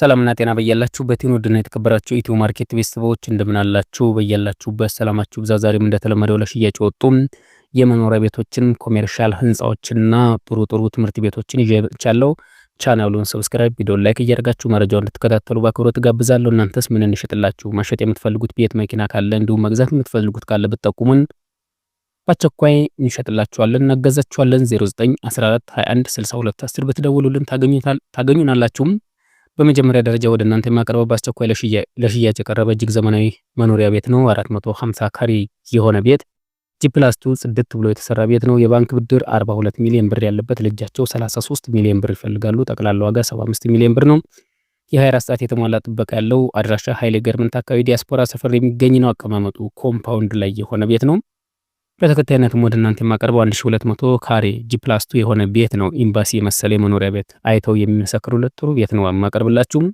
ሰላምና ጤና በያላችሁ በቴን ውድና የተከበራችሁ ኢትዮ ማርኬት ቤተሰቦች እንደምናላችሁ በያላችሁበት ሰላማችሁ ብዛ። ዛሬም እንደተለመደው ለሽያጭ ወጡ የመኖሪያ ቤቶችን፣ ኮሜርሻል ህንፃዎችና ጥሩ ጥሩ ትምህርት ቤቶችን ይዤ መጥቻለሁ። ቻናሉን ሰብስክራይብ፣ ቪዲዮ ላይክ እያደረጋችሁ መረጃውን እንድትከታተሉ በአክብሮት ትጋብዛለሁ። እናንተስ ምን እንሽጥላችሁ? መሸጥ የምትፈልጉት ቤት መኪና ካለ እንዲሁም መግዛት የምትፈልጉት ካለ ብትጠቁሙን በአስቸኳይ እንሸጥላችኋለን፣ እናገዛችኋለን። 0914216210 ብትደውሉልን ታገኙናላችሁም በመጀመሪያ ደረጃ ወደ እናንተ የማቀርበው በአስቸኳይ ለሽያጭ የቀረበ እጅግ ዘመናዊ መኖሪያ ቤት ነው። 450 ካሬ የሆነ ቤት ጂፕላስቱ ጽድት ብሎ የተሰራ ቤት ነው። የባንክ ብድር 42 ሚሊዮን ብር ያለበት ልጃቸው 33 ሚሊዮን ብር ይፈልጋሉ። ጠቅላላ ዋጋ 75 ሚሊዮን ብር ነው። የ24 ሰዓት የተሟላ ጥበቃ ያለው አድራሻ ኃይሌ ገርመንት አካባቢ ዲያስፖራ ሰፈር የሚገኝ ነው። አቀማመጡ ኮምፓውንድ ላይ የሆነ ቤት ነው። በተከታይነትም ወደ እናንተ የማቀርበው 1200 ካሬ ጂ ፕላስ ቱ የሆነ ቤት ነው። ኤምባሲ የመሰለ የመኖሪያ ቤት አይተው የሚመሰክሩለት ጥሩ ቤት ነው የማቀርብላችሁም።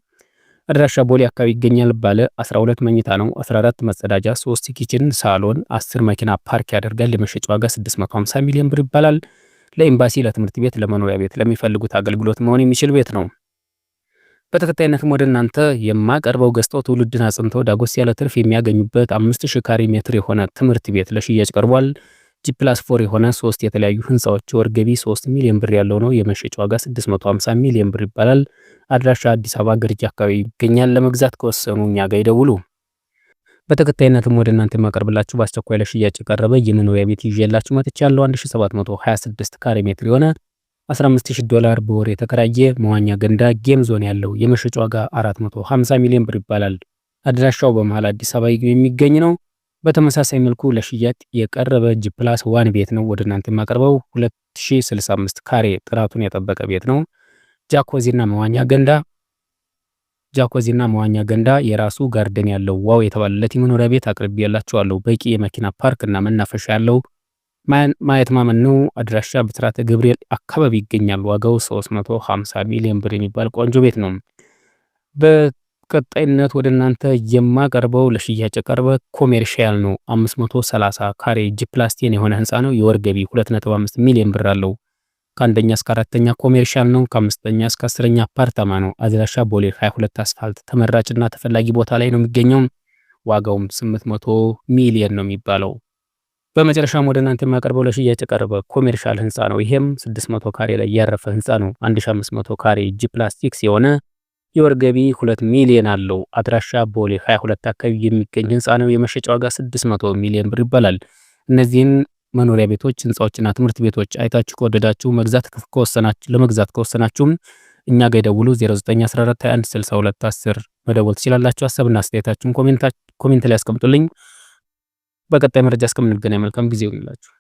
አድራሻ ቦሌ አካባቢ ይገኛል። ባለ 12 መኝታ ነው። 14 መጸዳጃ፣ 3 ኪችን፣ ሳሎን፣ 10 መኪና ፓርክ ያደርጋል። የመሸጫ ዋጋ 650 ሚሊዮን ብር ይባላል። ለኤምባሲ፣ ለትምህርት ቤት፣ ለመኖሪያ ቤት ለሚፈልጉት አገልግሎት መሆን የሚችል ቤት ነው። በተከታይነትም ወደ እናንተ የማቀርበው ገዝተው ትውልድን አጽንተው ዳጎስ ያለ ትርፍ የሚያገኙበት አምስት ሺህ ካሬ ሜትር የሆነ ትምህርት ቤት ለሽያጭ ቀርቧል። ጂ ፕላስ ፎር የሆነ ሶስት የተለያዩ ህንፃዎች ወር ገቢ 3 ሚሊዮን ብር ያለው ነው። የመሸጫ ዋጋ 650 ሚሊዮን ብር ይባላል። አድራሻ አዲስ አበባ ግርጃ አካባቢ ይገኛል። ለመግዛት ከወሰኑ እኛ ጋር ይደውሉ። በተከታይነትም ወደ እናንተ የማቀርብላችሁ በአስቸኳይ ለሽያጭ የቀረበ የመኖሪያ ቤት ይዤላችሁ መጥቻለሁ። 1726 ካሬ ሜትር የሆነ 15000 ዶላር በወር የተከራየ መዋኛ ገንዳ ጌም ዞን ያለው የመሸጫ ዋጋ 450 ሚሊዮን ብር ይባላል። አድራሻው በመሃል አዲስ አበባ የሚገኝ ነው። በተመሳሳይ መልኩ ለሽያጭ የቀረበ ጂ ፕላስ ዋን ቤት ነው ወደ እናንተ የማቀርበው 2065 ካሬ ጥራቱን የጠበቀ ቤት ነው። ጃኮዚና መዋኛ ገንዳ ጃኮዚና መዋኛ ገንዳ የራሱ ጋርደን ያለው ዋው የተባለለት የመኖሪያ ቤት አቅርቤ አለው በቂ የመኪና ፓርክ እና መናፈሻ ያለው ማየት ማመን ነው። አድራሻ ብስራተ ገብርኤል አካባቢ ይገኛል። ዋጋው 350 ሚሊዮን ብር የሚባል ቆንጆ ቤት ነው። በቀጣይነት ወደ እናንተ የማቀርበው ለሽያጭ ቀርበ ኮሜርሻል ነው። 530 ካሬ ጂፕላስቲን የሆነ ህንፃ ነው። የወር ገቢ 2.5 ሚሊዮን ብር አለው። ከአንደኛ እስከ አራተኛ ኮሜርሻል ነው። ከአምስተኛ እስከ አስረኛ አፓርታማ ነው። አድራሻ ቦሌ 22 አስፋልት ተመራጭና ተፈላጊ ቦታ ላይ ነው የሚገኘው። ዋጋውም 800 ሚሊዮን ነው የሚባለው። በመጨረሻም ወደ እናንተ የማቀርበው ለሽያጭ የቀረበ ኮሜርሻል ህንፃ ነው። ይሄም 600 ካሬ ላይ ያረፈ ህንፃ ነው። 1500 ካሬ ጂ ፕላስቲክስ የሆነ የወር ገቢ 2 ሚሊዮን አለው። አድራሻ ቦሌ 22 አካባቢ የሚገኝ ህንፃ ነው። የመሸጫ ዋጋ 600 ሚሊዮን ብር ይባላል። እነዚህን መኖሪያ ቤቶች፣ ህንፃዎችና ትምህርት ቤቶች አይታችሁ ከወደዳችሁ መግዛት ከወሰናችሁ ለመግዛት ከወሰናችሁም እኛ ጋር ደውሉ 0914216210 መደወል ትችላላችሁ። ሀሳብና አስተያየታችሁን ኮሜንት ላይ ያስቀምጡልኝ። በቀጣይ መረጃ እስከምንገናኝ መልካም ጊዜ ይሁንላችሁ።